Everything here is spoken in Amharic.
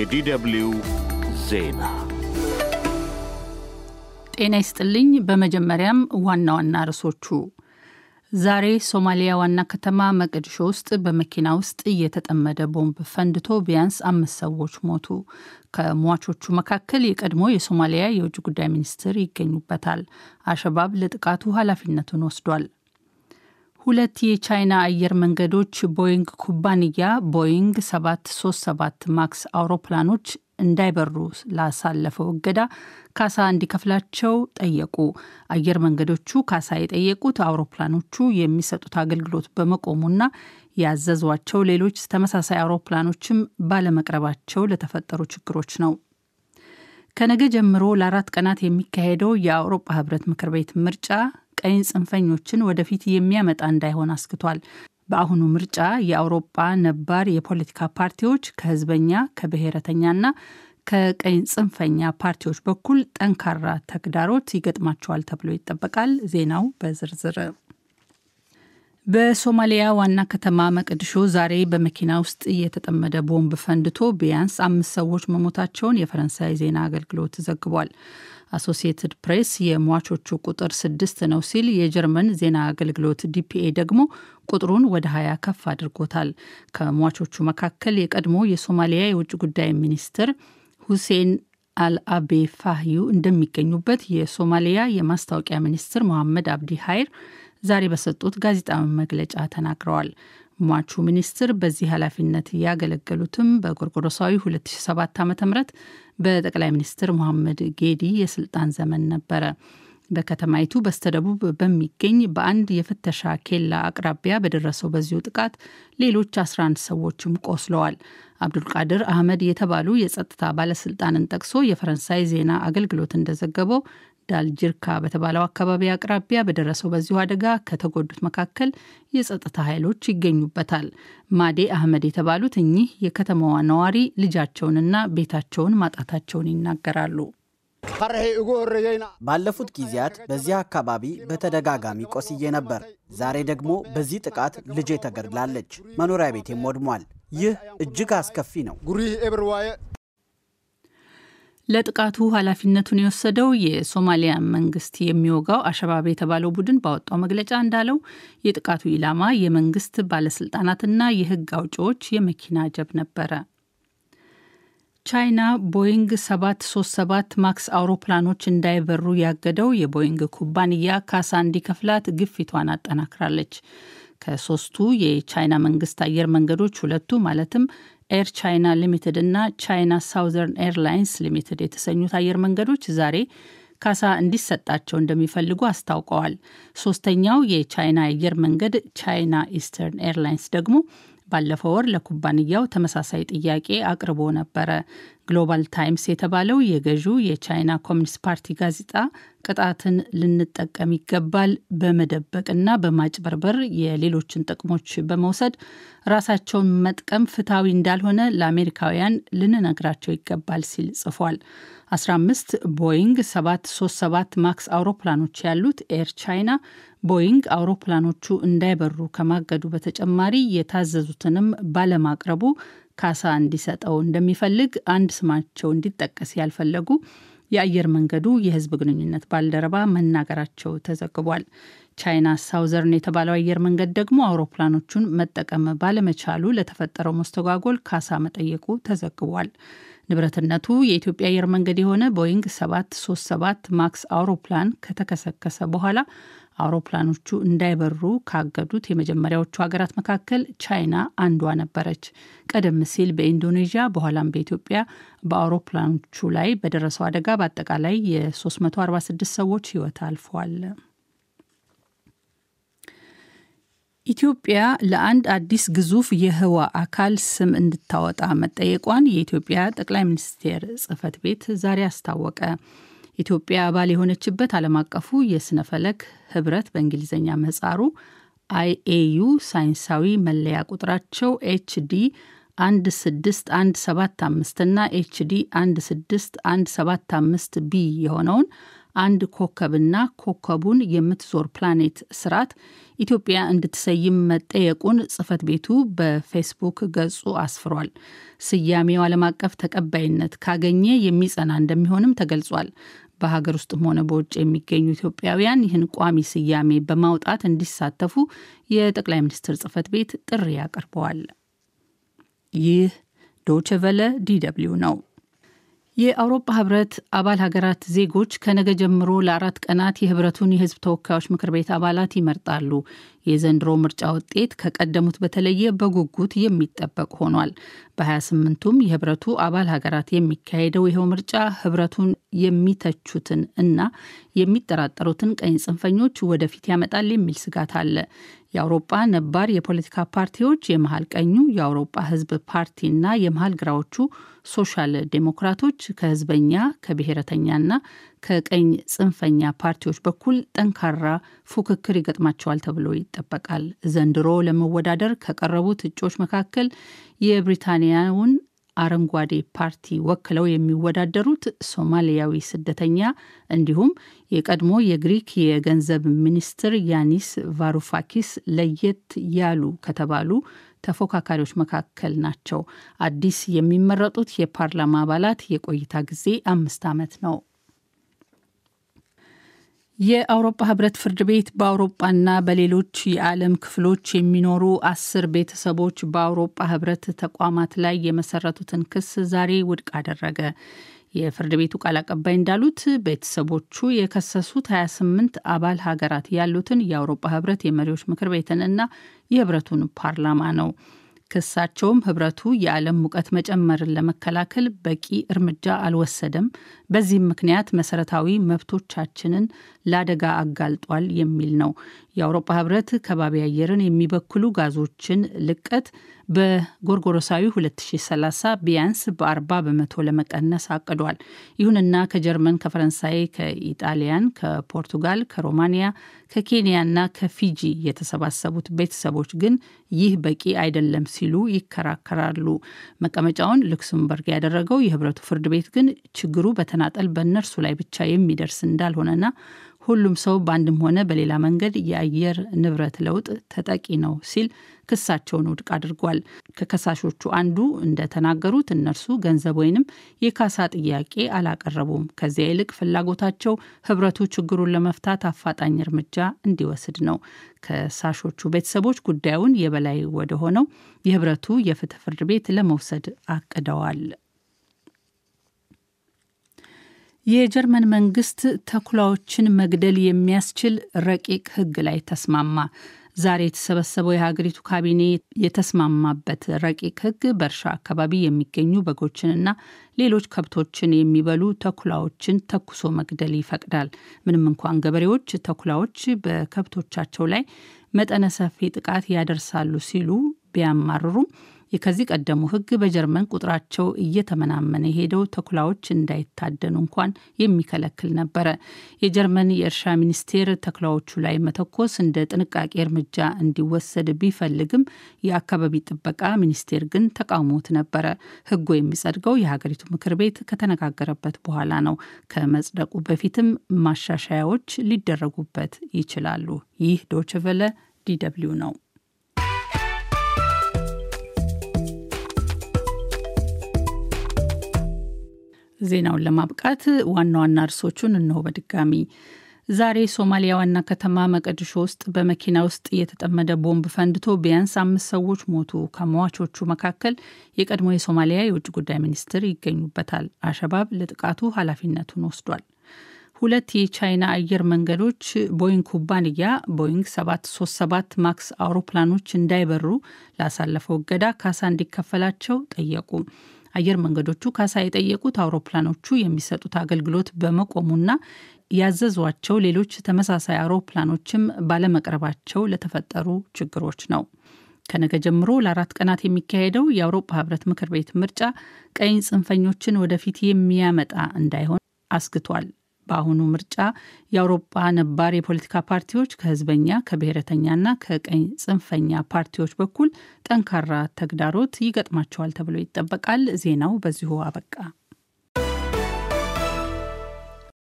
የዲደብልዩ ዜና ጤና ይስጥልኝ። በመጀመሪያም ዋና ዋና ርዕሶቹ ዛሬ ሶማሊያ ዋና ከተማ መቅድሾ ውስጥ በመኪና ውስጥ እየተጠመደ ቦምብ ፈንድቶ ቢያንስ አምስት ሰዎች ሞቱ። ከሟቾቹ መካከል የቀድሞ የሶማሊያ የውጭ ጉዳይ ሚኒስትር ይገኙበታል። አሸባብ ለጥቃቱ ኃላፊነቱን ወስዷል። ሁለት የቻይና አየር መንገዶች ቦይንግ ኩባንያ ቦይንግ 737 ማክስ አውሮፕላኖች እንዳይበሩ ላሳለፈው እገዳ ካሳ እንዲከፍላቸው ጠየቁ። አየር መንገዶቹ ካሳ የጠየቁት አውሮፕላኖቹ የሚሰጡት አገልግሎት በመቆሙና ያዘዟቸው ሌሎች ተመሳሳይ አውሮፕላኖችም ባለመቅረባቸው ለተፈጠሩ ችግሮች ነው። ከነገ ጀምሮ ለአራት ቀናት የሚካሄደው የአውሮፓ ህብረት ምክር ቤት ምርጫ ቀኝ ጽንፈኞችን ወደፊት የሚያመጣ እንዳይሆን አስክቷል። በአሁኑ ምርጫ የአውሮፓ ነባር የፖለቲካ ፓርቲዎች ከህዝበኛ ከብሔረተኛና ከቀኝ ጽንፈኛ ፓርቲዎች በኩል ጠንካራ ተግዳሮት ይገጥማቸዋል ተብሎ ይጠበቃል። ዜናው በዝርዝር በሶማሊያ ዋና ከተማ መቅድሾ ዛሬ በመኪና ውስጥ የተጠመደ ቦምብ ፈንድቶ ቢያንስ አምስት ሰዎች መሞታቸውን የፈረንሳይ ዜና አገልግሎት ዘግቧል። አሶሲየትድ ፕሬስ የሟቾቹ ቁጥር ስድስት ነው ሲል የጀርመን ዜና አገልግሎት ዲፒኤ ደግሞ ቁጥሩን ወደ ሀያ ከፍ አድርጎታል። ከሟቾቹ መካከል የቀድሞ የሶማሊያ የውጭ ጉዳይ ሚኒስትር ሁሴን አልአቤ ፋህዩ እንደሚገኙበት የሶማሊያ የማስታወቂያ ሚኒስትር መሐመድ አብዲ ሀይር ዛሬ በሰጡት ጋዜጣዊ መግለጫ ተናግረዋል። ሟቹ ሚኒስትር በዚህ ኃላፊነት ያገለገሉትም በጎርጎሮሳዊ 2007 ዓ ም በጠቅላይ ሚኒስትር መሐመድ ጌዲ የስልጣን ዘመን ነበረ። በከተማይቱ በስተደቡብ በሚገኝ በአንድ የፍተሻ ኬላ አቅራቢያ በደረሰው በዚሁ ጥቃት ሌሎች 11 ሰዎችም ቆስለዋል። አብዱልቃድር አህመድ የተባሉ የጸጥታ ባለስልጣንን ጠቅሶ የፈረንሳይ ዜና አገልግሎት እንደዘገበው ዳልጅርካ በተባለው አካባቢ አቅራቢያ በደረሰው በዚሁ አደጋ ከተጎዱት መካከል የጸጥታ ኃይሎች ይገኙበታል። ማዴ አህመድ የተባሉት እኚህ የከተማዋ ነዋሪ ልጃቸውንና ቤታቸውን ማጣታቸውን ይናገራሉ። ባለፉት ጊዜያት በዚህ አካባቢ በተደጋጋሚ ቆስዬ ነበር። ዛሬ ደግሞ በዚህ ጥቃት ልጄ ተገድላለች፣ መኖሪያ ቤቴም ወድሟል። ይህ እጅግ አስከፊ ነው። ለጥቃቱ ኃላፊነቱን የወሰደው የሶማሊያ መንግስት የሚወጋው አሸባብ የተባለው ቡድን ባወጣው መግለጫ እንዳለው የጥቃቱ ኢላማ የመንግስት ባለስልጣናትና የህግ አውጪዎች የመኪና ጀብ ነበረ። ቻይና ቦይንግ 737 ማክስ አውሮፕላኖች እንዳይበሩ ያገደው የቦይንግ ኩባንያ ካሳ እንዲከፍላት ግፊቷን አጠናክራለች። ከሶስቱ የቻይና መንግስት አየር መንገዶች ሁለቱ ማለትም ኤር ቻይና ሊሚትድ እና ቻይና ሳውዘርን ኤርላይንስ ሊሚትድ የተሰኙት አየር መንገዶች ዛሬ ካሳ እንዲሰጣቸው እንደሚፈልጉ አስታውቀዋል። ሶስተኛው የቻይና አየር መንገድ ቻይና ኢስተርን ኤርላይንስ ደግሞ ባለፈው ወር ለኩባንያው ተመሳሳይ ጥያቄ አቅርቦ ነበረ። ግሎባል ታይምስ የተባለው የገዢው የቻይና ኮሚኒስት ፓርቲ ጋዜጣ ቅጣትን ልንጠቀም ይገባል፣ በመደበቅና በማጭበርበር የሌሎችን ጥቅሞች በመውሰድ ራሳቸውን መጥቀም ፍትሐዊ እንዳልሆነ ለአሜሪካውያን ልንነግራቸው ይገባል ሲል ጽፏል። 15 ቦይንግ 737 ማክስ አውሮፕላኖች ያሉት ኤር ቻይና ቦይንግ አውሮፕላኖቹ እንዳይበሩ ከማገዱ በተጨማሪ የታዘዙትንም ባለማቅረቡ ካሳ እንዲሰጠው እንደሚፈልግ አንድ ስማቸው እንዲጠቀስ ያልፈለጉ የአየር መንገዱ የህዝብ ግንኙነት ባልደረባ መናገራቸው ተዘግቧል። ቻይና ሳውዘርን የተባለው አየር መንገድ ደግሞ አውሮፕላኖቹን መጠቀም ባለመቻሉ ለተፈጠረው መስተጓጎል ካሳ መጠየቁ ተዘግቧል። ንብረትነቱ የኢትዮጵያ አየር መንገድ የሆነ ቦይንግ 737 ማክስ አውሮፕላን ከተከሰከሰ በኋላ አውሮፕላኖቹ እንዳይበሩ ካገዱት የመጀመሪያዎቹ ሀገራት መካከል ቻይና አንዷ ነበረች። ቀደም ሲል በኢንዶኔዥያ በኋላም በኢትዮጵያ በአውሮፕላኖቹ ላይ በደረሰው አደጋ በአጠቃላይ የ346 ሰዎች ሕይወት አልፏል። ኢትዮጵያ ለአንድ አዲስ ግዙፍ የህዋ አካል ስም እንድታወጣ መጠየቋን የኢትዮጵያ ጠቅላይ ሚኒስቴር ጽህፈት ቤት ዛሬ አስታወቀ። ኢትዮጵያ አባል የሆነችበት ዓለም አቀፉ የሥነ ህብረት በእንግሊዝኛ መጻሩ አይኤዩ ሳይንሳዊ መለያ ቁጥራቸው ኤችዲ 16175 እና ኤችዲ 16175 ቢ የሆነውን አንድ ኮከብና ኮከቡን የምትዞር ፕላኔት ስርዓት ኢትዮጵያ እንድትሰይም መጠየቁን ጽህፈት ቤቱ በፌስቡክ ገጹ አስፍሯል። ስያሜው ዓለም አቀፍ ተቀባይነት ካገኘ የሚጸና እንደሚሆንም ተገልጿል። በሀገር ውስጥም ሆነ በውጭ የሚገኙ ኢትዮጵያውያን ይህን ቋሚ ስያሜ በማውጣት እንዲሳተፉ የጠቅላይ ሚኒስትር ጽህፈት ቤት ጥሪ ያቀርበዋል። ይህ ዶቸቨለ ዲደብሊው ነው። የአውሮፓ ህብረት አባል ሀገራት ዜጎች ከነገ ጀምሮ ለአራት ቀናት የህብረቱን የህዝብ ተወካዮች ምክር ቤት አባላት ይመርጣሉ። የዘንድሮ ምርጫ ውጤት ከቀደሙት በተለየ በጉጉት የሚጠበቅ ሆኗል። በ28ቱም የህብረቱ አባል ሀገራት የሚካሄደው ይኸው ምርጫ ህብረቱን የሚተቹትን እና የሚጠራጠሩትን ቀኝ ጽንፈኞች ወደፊት ያመጣል የሚል ስጋት አለ። የአውሮጳ ነባር የፖለቲካ ፓርቲዎች የመሀል ቀኙ የአውሮጳ ህዝብ ና የመሀል ግራዎቹ ሶሻል ዴሞክራቶች ከህዝበኛ ከብሔረተኛና ከቀኝ ጽንፈኛ ፓርቲዎች በኩል ጠንካራ ፉክክር ይገጥማቸዋል ተብሎ ይጠበቃል። ዘንድሮ ለመወዳደር ከቀረቡት እጮች መካከል የብሪታንያውን አረንጓዴ ፓርቲ ወክለው የሚወዳደሩት ሶማሊያዊ ስደተኛ እንዲሁም የቀድሞ የግሪክ የገንዘብ ሚኒስትር ያኒስ ቫሩፋኪስ ለየት ያሉ ከተባሉ ተፎካካሪዎች መካከል ናቸው። አዲስ የሚመረጡት የፓርላማ አባላት የቆይታ ጊዜ አምስት ዓመት ነው። የአውሮፓ ህብረት ፍርድ ቤት በአውሮፓና በሌሎች የዓለም ክፍሎች የሚኖሩ አስር ቤተሰቦች በአውሮፓ ህብረት ተቋማት ላይ የመሰረቱትን ክስ ዛሬ ውድቅ አደረገ። የፍርድ ቤቱ ቃል አቀባይ እንዳሉት ቤተሰቦቹ የከሰሱት 28 አባል ሀገራት ያሉትን የአውሮፓ ህብረት የመሪዎች ምክር ቤትንና የህብረቱን ፓርላማ ነው። ክሳቸውም ህብረቱ የዓለም ሙቀት መጨመርን ለመከላከል በቂ እርምጃ አልወሰደም፣ በዚህም ምክንያት መሰረታዊ መብቶቻችንን ለአደጋ አጋልጧል የሚል ነው። የአውሮፓ ህብረት ከባቢ አየርን የሚበክሉ ጋዞችን ልቀት በጎርጎሮሳዊ 2030 ቢያንስ በ40 በመቶ ለመቀነስ አቅዷል። ይሁንና ከጀርመን፣ ከፈረንሳይ፣ ከኢጣሊያን፣ ከፖርቱጋል፣ ከሮማንያ፣ ከኬንያና ከፊጂ የተሰባሰቡት ቤተሰቦች ግን ይህ በቂ አይደለም ሲሉ ይከራከራሉ። መቀመጫውን ሉክስምበርግ ያደረገው የህብረቱ ፍርድ ቤት ግን ችግሩ በተናጠል በእነርሱ ላይ ብቻ የሚደርስ እንዳልሆነና ሁሉም ሰው በአንድም ሆነ በሌላ መንገድ የአየር ንብረት ለውጥ ተጠቂ ነው ሲል ክሳቸውን ውድቅ አድርጓል። ከከሳሾቹ አንዱ እንደተናገሩት እነርሱ ገንዘብ ወይንም የካሳ ጥያቄ አላቀረቡም። ከዚያ ይልቅ ፍላጎታቸው ህብረቱ ችግሩን ለመፍታት አፋጣኝ እርምጃ እንዲወስድ ነው። ከሳሾቹ ቤተሰቦች ጉዳዩን የበላይ ወደሆነው የህብረቱ የፍትህ ፍርድ ቤት ለመውሰድ አቅደዋል። የጀርመን መንግስት ተኩላዎችን መግደል የሚያስችል ረቂቅ ህግ ላይ ተስማማ። ዛሬ የተሰበሰበው የሀገሪቱ ካቢኔ የተስማማበት ረቂቅ ህግ በእርሻ አካባቢ የሚገኙ በጎችንና ሌሎች ከብቶችን የሚበሉ ተኩላዎችን ተኩሶ መግደል ይፈቅዳል። ምንም እንኳን ገበሬዎች ተኩላዎች በከብቶቻቸው ላይ መጠነ ሰፊ ጥቃት ያደርሳሉ ሲሉ ቢያማርሩም የከዚህ ቀደሙ ህግ በጀርመን ቁጥራቸው እየተመናመነ የሄደው ተኩላዎች እንዳይታደኑ እንኳን የሚከለክል ነበረ። የጀርመን የእርሻ ሚኒስቴር ተኩላዎቹ ላይ መተኮስ እንደ ጥንቃቄ እርምጃ እንዲወሰድ ቢፈልግም የአካባቢ ጥበቃ ሚኒስቴር ግን ተቃውሞት ነበረ። ህጉ የሚጸድገው የሀገሪቱ ምክር ቤት ከተነጋገረበት በኋላ ነው። ከመጽደቁ በፊትም ማሻሻያዎች ሊደረጉበት ይችላሉ። ይህ ዶችቨለ ዲ ነው። ዜናውን ለማብቃት ዋና ዋና እርሶቹን እነሆ በድጋሚ ዛሬ ሶማሊያ ዋና ከተማ መቀድሾ ውስጥ በመኪና ውስጥ የተጠመደ ቦምብ ፈንድቶ ቢያንስ አምስት ሰዎች ሞቱ። ከሟቾቹ መካከል የቀድሞ የሶማሊያ የውጭ ጉዳይ ሚኒስትር ይገኙበታል። አሸባብ ለጥቃቱ ኃላፊነቱን ወስዷል። ሁለት የቻይና አየር መንገዶች ቦይንግ ኩባንያ ቦይንግ 737 ማክስ አውሮፕላኖች እንዳይበሩ ላሳለፈው እገዳ ካሳ እንዲከፈላቸው ጠየቁ። አየር መንገዶቹ ካሳ የጠየቁት አውሮፕላኖቹ የሚሰጡት አገልግሎት በመቆሙና ያዘዟቸው ሌሎች ተመሳሳይ አውሮፕላኖችም ባለመቅረባቸው ለተፈጠሩ ችግሮች ነው። ከነገ ጀምሮ ለአራት ቀናት የሚካሄደው የአውሮፓ ህብረት ምክር ቤት ምርጫ ቀኝ ጽንፈኞችን ወደፊት የሚያመጣ እንዳይሆን አስግቷል። በአሁኑ ምርጫ የአውሮፓ ነባር የፖለቲካ ፓርቲዎች ከህዝበኛ ከብሔረተኛና ከቀኝ ጽንፈኛ ፓርቲዎች በኩል ጠንካራ ተግዳሮት ይገጥማቸዋል ተብሎ ይጠበቃል። ዜናው በዚሁ አበቃ።